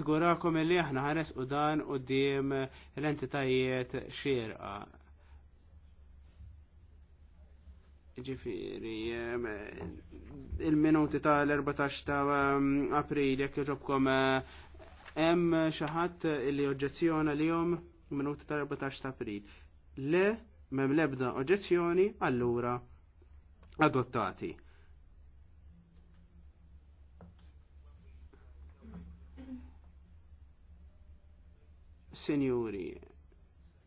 Zgurakom li aħna ħares u dan u dim l-entitajiet xirqa. Ġifiri, il-minuti tal-14 ta' april, jek joġobkom, hemm eh, xaħat li oġġezzjona li jom minuti tal-14 ta' april. Le, mem lebda oġġezzjoni, allura adottati. Sinjuri,